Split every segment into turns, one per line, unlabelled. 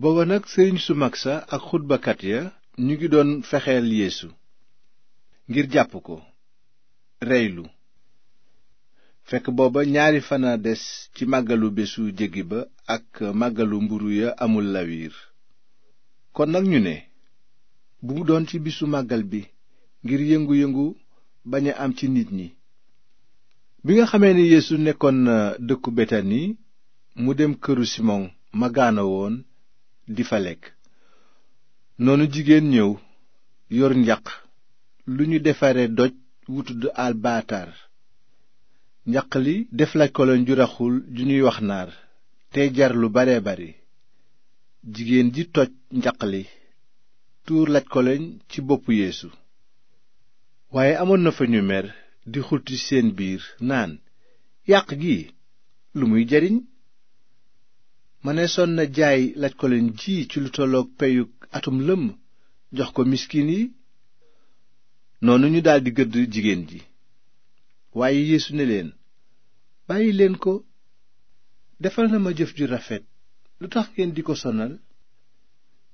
booba nag sëriñ su mag sa ak xutbakat ya ñu ngi doon fexeel yéesu ngir jàpp ko reylu fekk booba ñaari fana des ci màggalu bésu jéggi ba ak màggalu mburu ya amul lawiir kon nag ñu ne bu doon ci bisu màggal bi ngir yëngu yëngu bañ a am ci nit ñi bi nga xamee ni yeesu nekkoon na dëkku betani mu dem këru simon ma gaana woon di fa lekk noonu jigéen ñëw yor njaq lu ñu defare doj wu albaatar njaq li def lajkoloñ ju raxul ju ñuy wax naar tey jar lu bare bari jigéen ji toj njaq li tuur lajkoloñ ci boppu yéesu waaye amoon na fa ñu mer di xulti seen biir naan yàq gi lu muy jariñ ma mëneesoon na jaay laj kolen ji ci lu tolloog peyug atum lëmm jox ko miskin yi noonu ñu daldi gëdd jigéen ji waaye yeesu ne leen bàyyi ko defal na ma jëf ju rafet lu tax ngeen di ko sonal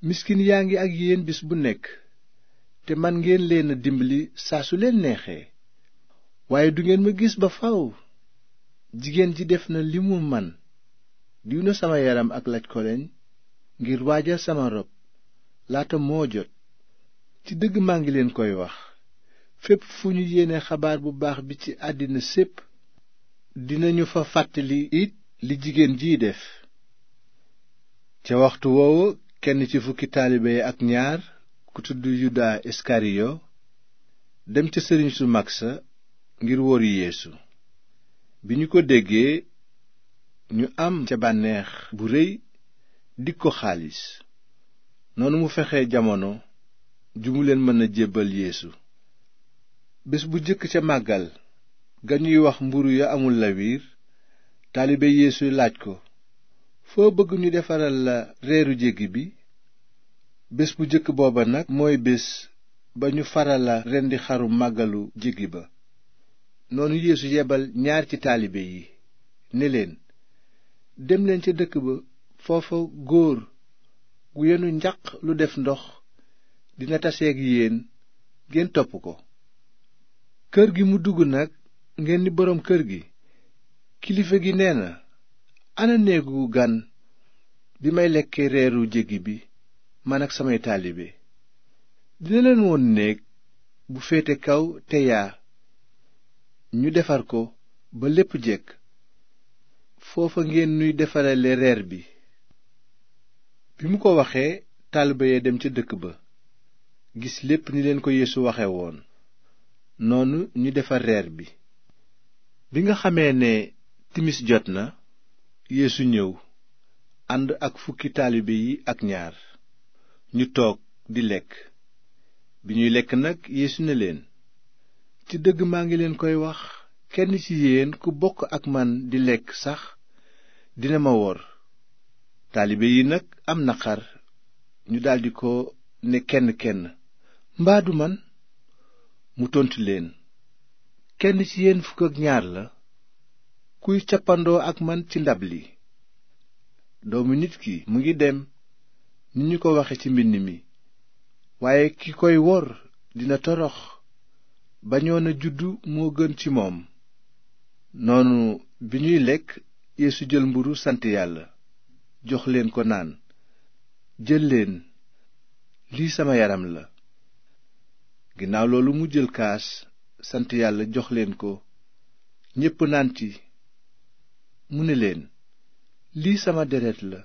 miskin yaa ngi ak yéen bis bu nekk te man ngeen leen a dimbali saa su leen neexee waaye du ngeen ma gis ba faw jigéen ji def na li mu man diw na sama yaram ak laj koleñ ngir waaja sama rob laata moo jot ci dëgg maa ngi leen koy wax fépp fu ñu yéene xabaar bu baax bi ci àddina sépp dinañu fa fàttali it li jigéen jiy def ca waxtu woowu kenn ci fukki taalibe ak ñaar ku tudd yuda iskariyo dem ca sëriñ su mag sa ngir wóoru yeesu bi ñu ko déggee ñu am ca bànneex bu réy dig ko xaalis noonu mu fexe jamono ju mu leen mën a jébbal yéesu bés bu jëkk ca màggal ga ñuy wax mburu ya amul la wiir taalibe yeesu laaj ko foo bëgg ñu defaral la reeru jéggi bi bés bu jëkk booba nag mooy bés ba ñu farala rendi xaru màggalu jéggi ba noonu yéesu yebal ñaar ci taalibe yi ni leen demleen ca dëkk ba foofa góor gu yenu njaq lu def ndox dina taseeg yéen ngeen topp ko kër gi mu dugg nag ngeen ni boroom kër gi kilifa gi nee na ana néegu gan bi may lekke reeru jéggi bi man ak samay taalibe dina leen woon néeg bu féete kaw te yaa ñu defar ko ba lépp jekk foofa ngeen nuy defarale reer bi bi mu ko waxee taalibe ya dem ca dëkk ba gis lépp ni leen ko yeesu waxe woon noonu ñu defar reer bi bi nga xamee ne timis jot na yéesu ñëw ànd ak fukki taalibe yi ak ñaar ñu toog di lekk bi ñuy lekk nag yeesu ne leen ci dëgg maa ngi leen koy wax kenn ci yéen ku bokk ak man di lekk sax dina ma wor taalibe yi nag am na xar ñu daldi ko ne kenn kenn mbaa du man mu tontu leen kenn ci yéen fukk ak ñaar la kuy cappandoo ak man ci ndab li doomu nit ki mu ngi dem ni ñu ko waxe ci mbind mi waaye ki koy wor dina torox bañoona a juddu moo gën ci moom noonu bi ñuy lekk Yeesu jël mburu sant yàlla jox leen ko naan jël leen lii sama yaram la ginnaaw loolu mu jël kaas sant yàlla jox leen ko ñépp naan ci mu ne leen lii sama deret la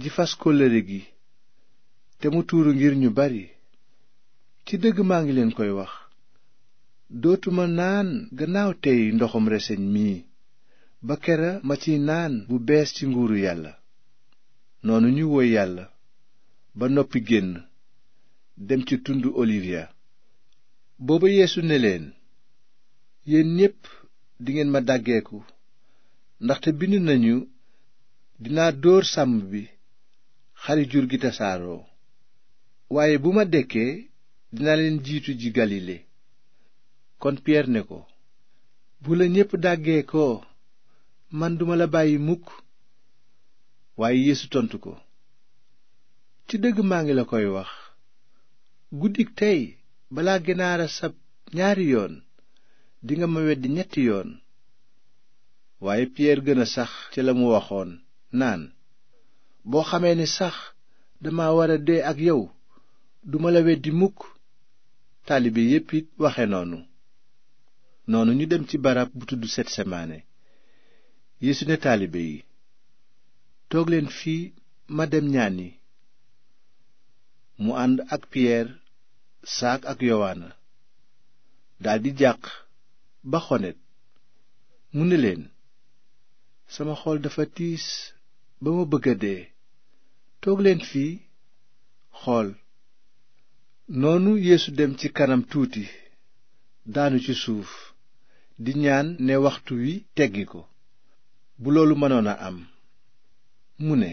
ji fas kóllëre gi te mu tuuru ngir ñu bari ci dëgg maa ngi leen koy wax dootuma naan gannaaw tey ndoxum reseñ mii ba kera ma ci naan bu bees ci nguuru yàlla noonu ñu woy yàlla ba noppi génn dem ci tundu olivia booba yéesu ne leen yéen ñépp dingeen ma dàggeeku ndaxte bind nañu dinaa dóor sàmm bi xari jur gi tasaaroo waaye bu ma dekkee dinaa leen jiitu ji galile kon piyeer ne ko bu la ñépp dàggee ko man duma la bàyyi mukk waaye yeesu tontu ko ci dëgg maa ngi la koy wax guddik tey balaa ganaara sab ñaari yoon dinga ma weddi ñetti yoon waaye piyeer gën a sax ci la mu waxoon naan boo xamee ni sax dama war a dee ak yow duma la weddi mukk taalibe yépp it waxe noonu noonu ñu dem ci barab bu tudd setsemaane yéesu ne taalibe yi toog leen fii ma dem ñaani mu ànd ak piyeer saak ak yowaana daldi jàq ba xonet mu ni leen sama xool dafa tiis ba ma bëgg a dee toog leen fii xool noonu yéesu dem ci kanam tuuti daanu ci suuf di ñaan ne waxtu wi teggi ko bu loolu mënoon a am mu ne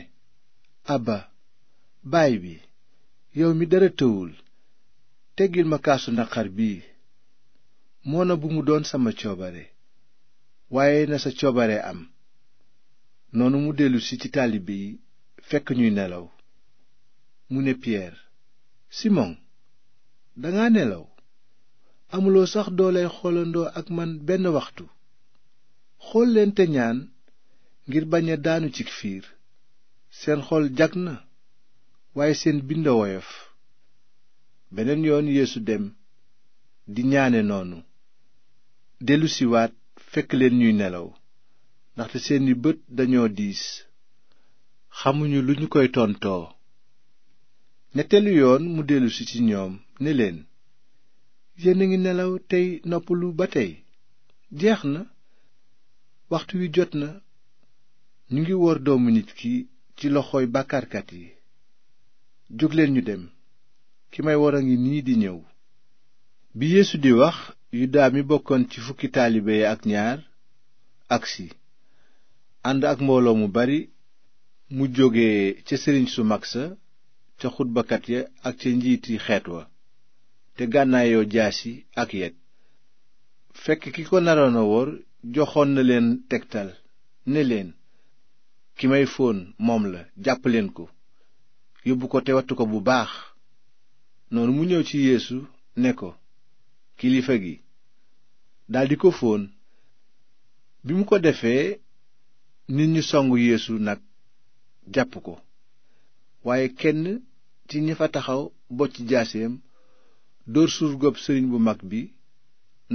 abba baay bi yow mi dara tëwul teggil ma kaasu naqar bii moona bu mu doon sama coobare waaye na sa coobare am noonu mu dellusi ci taalibe yi fekk ñuy nelaw mu ne piyeer simon danga nelaw amuloo sax doole xoolandoo ak man benn waxtu xool te ñaan ngir bañ a daanu ci fiir seen xol jag na waaye seen bind woyof beneen yoon yéesu dem di ñaane noonu dellusiwaat fekk leen ñuy nelaw ndaxte seeni bët dañoo diis xamuñu lu ñu koy tontoo ñetteelu yoon mu dellusi ci ñoom ne leen yéen a ngi nelaw tey noppalu ba tey jeex na waxtu wi jot na ñu ngi wor doomu nit ki ci loxooy bàkkaarkat yi jógleen ñu dem ki may wor a ngi nii di ñëw bi yeesu di wax yudaa mi bokkoon ci fukki taalibe ak ñaar agsi ànd ak mbooloo mu bari mu jóge ca sëriñ su mag sa ca xutbakat ya ak ca njiiti xeet wa te gànnaayoo yi ak yet fekk ki ko naroon wóor joxoon na leen tegtal ne leen ki may fóon moom la jàpp leen ko yóbbu ko te wattu ko bu baax noonu mu ñëw ci yéesu ne ko kilifa gi daldi ko fóon bi mu ko defee nit ñu song yéesu nag jàpp ko waaye kenn ci ñi fa taxaw bocc jaaseem dóor surgoob sëriñ bu mag bi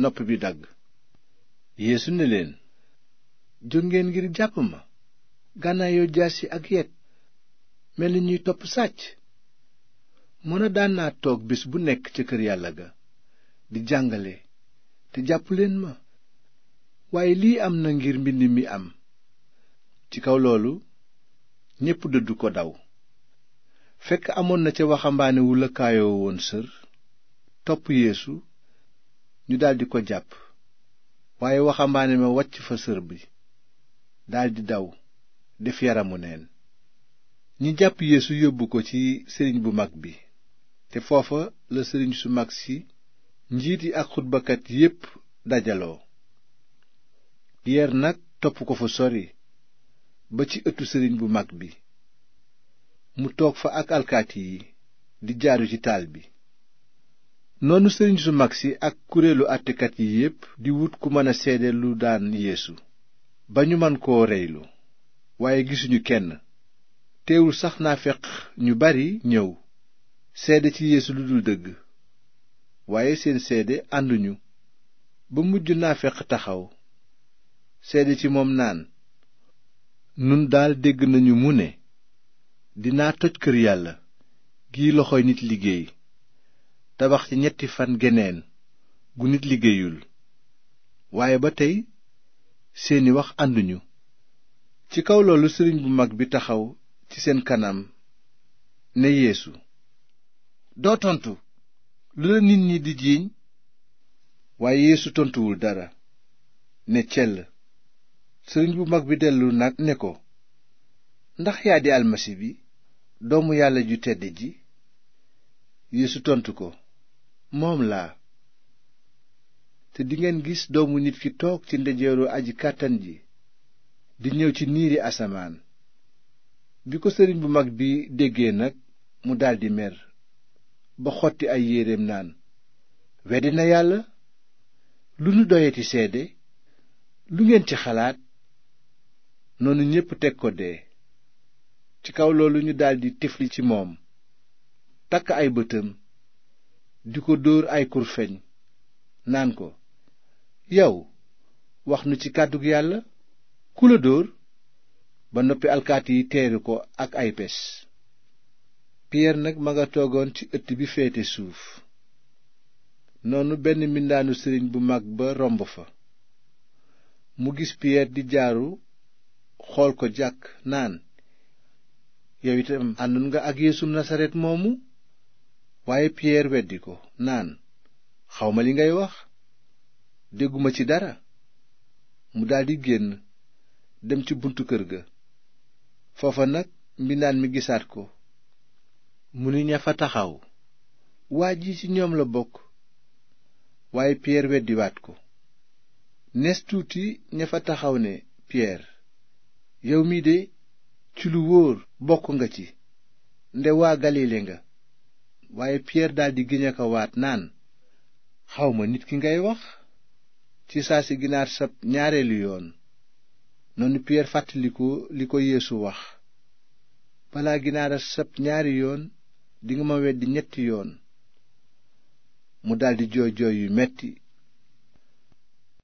nopp bi dagg yeesu ne leen jóg ngeen ngir jàpp ma gànnaayoo jaasi ak yet mel ni ñuy topp sàcc mën a daan naa toog bés bu nekk ca kër yàlla ga di jàngale te jàpp leen ma waaye lii am na ngir mbind mi am ci kaw loolu ñépp dëddu ko daw fekk amoon na ca waxambaane wu lëkkaayoo woon sër topp yeesu ñu daldi ko jàpp waaye waxambaane ma wàcc fa sër bi daldi daw def yaramu neen ñi jàpp yéesu yóbbu ko ci sëriñ bu mag bi te foofa la sëriñ su mag si njiit yi ak xutbakat yépp dajaloo piyeer nag topp ko fa sori ba ci ëttu sëriñ bu mag bi mu toog fa ak alkaati yi di jaaru ci taal bi noonu sëriñ su mag si ak kuréelu àttekat yi yépp di wut ku mën a seede lu daan yéesu ba ñu man koo reylu waaye gisuñu kenn teewul sax naafeq ñu bari ñëw seede ci yéesu lu dul dëgg waaye seen seede ànduñu ba mujj naafeq taxaw seede ci moom naan nun daal dégg nañu mu ne dinaa toj kër yàlla gi loxoy nit liggéey tabax ci ñetti fan geneen gu nit liggéeyul waaye ba tey seeni wax ànduñu ci kaw loolu sëriñ bu mag bi taxaw ci seen kanam ne yéesu doo tontu lu la nit ñi di jiiñ waaye yeesu tontuwul dara ne cell sëriñ bu mag bi dellu nag ne ko ndax yaa di almasi bi doomu yàlla ju tedd ji yeesu tontu ko moom laa te dingeen gis doomu nit ki toog ci ndejeeru aji kàttan ji di ñëw ci niiri asamaan bi ko sëriñ bu mag bi déggee nag mu daldi mer ba xotti ay yéreem naan weddi na yàlla lu nu doyati seede lu ngeen ci xalaat noonu ñépp teg ko dee ci kaw loolu ñu daldi tifli ci moom takk ay bëtam di ko dóor ay kurfeñ naan ko yow wax nu ci kàddu yàlla ku la dóor ba noppi alkaati yi teeru ko ak ay pes piyeer nag ma nga toogoon ci ëtt bi féete suuf noonu benn mbindaanu sëriñ bu mag ba romb fa mu gis piyeer di jaaru xool ko jàkk naan yow itam àndoon nga ak yeesu nasaret moomu waaye piyeer weddi ko naan xawma li ngay wax dégguma ci dara mu daldi génn dem ci buntu kër ga foofa nag naan mi gisaat ko mu ni ña fa taxaw waa ji ci ñoom la bokk waaye piyeer weddiwaat ko nees tuuti ña fa taxaw ne piyeer yow mii de ci lu wóor bokk nga ci nde waa galile nga waaye piyeer daldi giñe ko waat naan xawma nit ki ngay wax ci saa ginaar sab ñaareelu yoon noonu piyeer fàttaliku li ko yéesu wax balaa ginaara sab ñaari yoon dinga ma di ñetti yoon mu daldi jooy jooy yu metti